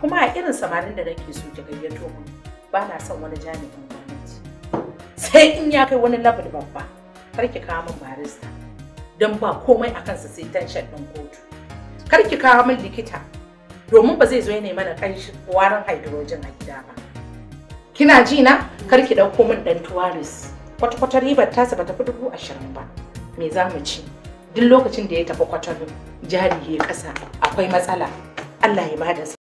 kuma a irin samarin da nake so ta gayyato mu ba na son wani jami'in gwamnati sai in ya kai wani labar babba kar ki kawo min barista don ba komai a kansa sai tension ɗin kotu kar ki kawo min likita domin ba zai zo ya nemi na kanshi warin hydrogen a gida ba kina ji na kar ki ɗauko min ɗan tuwaris kwata-kwata ribar tasa ta fi dubu ashirin ba me za mu ci duk lokacin da ya tafi kwatano jari ya ƙasa akwai matsala Allah ya bada